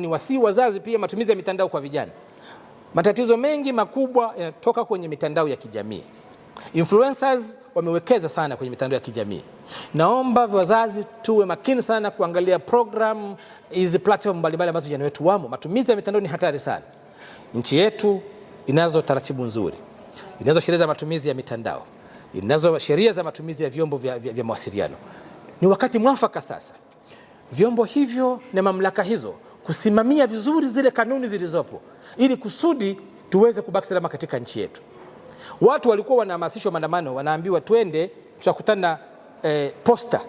Ni wasii wazazi pia matumizi ya mitandao kwa vijana. Matatizo mengi makubwa yanatoka kwenye mitandao ya kijamii. Influencers wamewekeza sana kwenye mitandao ya kijamii. Naomba wazazi tuwe makini sana kuangalia program hizi platform mbalimbali ambazo vijana wetu wamo. Matumizi ya mitandao ni hatari sana. Nchi yetu inazo taratibu nzuri, inazo sheria za matumizi ya mitandao, inazo sheria za matumizi ya vyombo vya, vya, vya mawasiliano. Ni wakati mwafaka sasa vyombo hivyo na mamlaka hizo kusimamia vizuri zile kanuni zilizopo ili kusudi tuweze kubaki salama katika nchi yetu. Watu walikuwa wanahamasishwa maandamano, wanaambiwa twende, tutakutana eh, posta.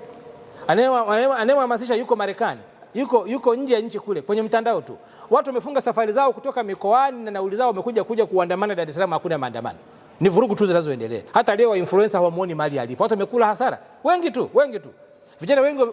Anayehamasisha yuko Marekani, yuko, yuko nje ya nchi kule, kwenye mtandao tu. Watu wamefunga safari zao kutoka mikoani na nauli zao, wamekuja kuja kuandamana Dar es Salaam. Hakuna maandamano, ni vurugu tu zinazoendelea. Hata leo influencer hawamuoni mali alipo, watu wamekula hasara wengi tu, wengi tu. Vijana wengi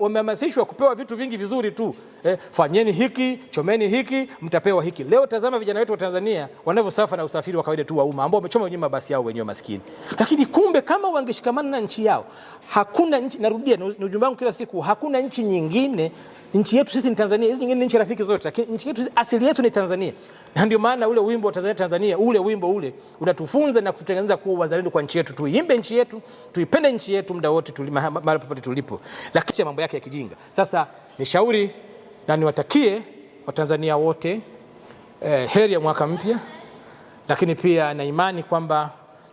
wamehamasishwa kupewa vitu vingi vizuri tu eh, fanyeni hiki, chomeni hiki, mtapewa hiki. Leo tazama vijana wetu wa Tanzania wanavyosafa na usafiri wa kawaida tu wa umma ambao wamechoma wenyewe mabasi yao wenyewe maskini. Lakini kumbe kama wangeshikamana na nchi yao, hakuna nchi, narudia, ni ujumbe wangu kila siku, hakuna nchi nyingine nchi yetu sisi ni Tanzania, hizi nyingine ni nchi rafiki zote, lakini nchi yetu asili yetu ni Tanzania, na ndio maana ule wimbo wa Tanzania Tanzania, ule wimbo ule unatufunza na kututengeneza kuwa wazalendo kwa nchi yetu. Tuimbe nchi yetu, tuipende nchi yetu muda wote, tulima mahali popote tulipo ipo, lakini mambo yake ya kijinga. Sasa nishauri na niwatakie Watanzania wote eh, heri ya mwaka mpya, lakini pia na imani kwamba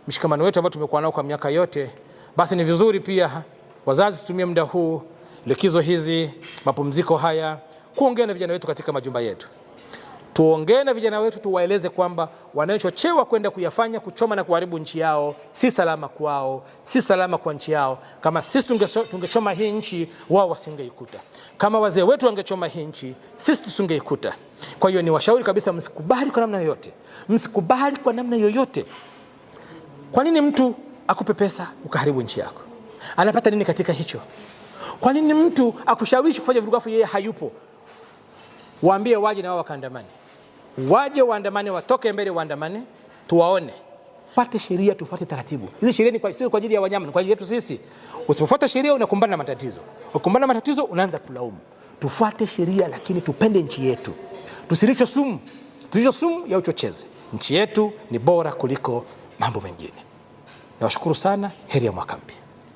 mshikamano wetu ambao tumekuwa nao kwa miaka yote, basi ni vizuri pia wazazi tutumie muda huu, likizo hizi, mapumziko haya kuongea na vijana wetu katika majumba yetu tuongee na vijana wetu, tuwaeleze kwamba wanayochochewa kwenda kuyafanya kuchoma na kuharibu nchi yao si salama kwao, si salama kwa nchi yao. Kama sisi tungechoma hii nchi, wao wasingeikuta. Kama wazee wetu wangechoma hii nchi, sisi tusingeikuta. Kwa hiyo ni washauri kabisa, msikubali kwa namna yoyote, msikubali kwa namna yoyote. Kwa nini mtu akupe pesa ukaharibu nchi yako? Anapata nini katika hicho? Kwa nini mtu akushawishi kufanya vurugu afu yeye hayupo? Waambie waje na wao wakaandamani waje waandamane, watoke mbele waandamane, tuwaone pate sheria tufuate taratibu hizi. Sheria ni kwa, sio kwa ajili ya wanyama, ni kwa ajili yetu sisi. Usipofuata sheria unakumbana na matatizo, ukumbana na matatizo unaanza kulaumu. Tufuate sheria, lakini tupende nchi yetu, tusirishwe sumu, tusirishwe sumu ya uchochezi. Nchi yetu ni bora kuliko mambo mengine. Nawashukuru sana, heri ya mwaka mpya.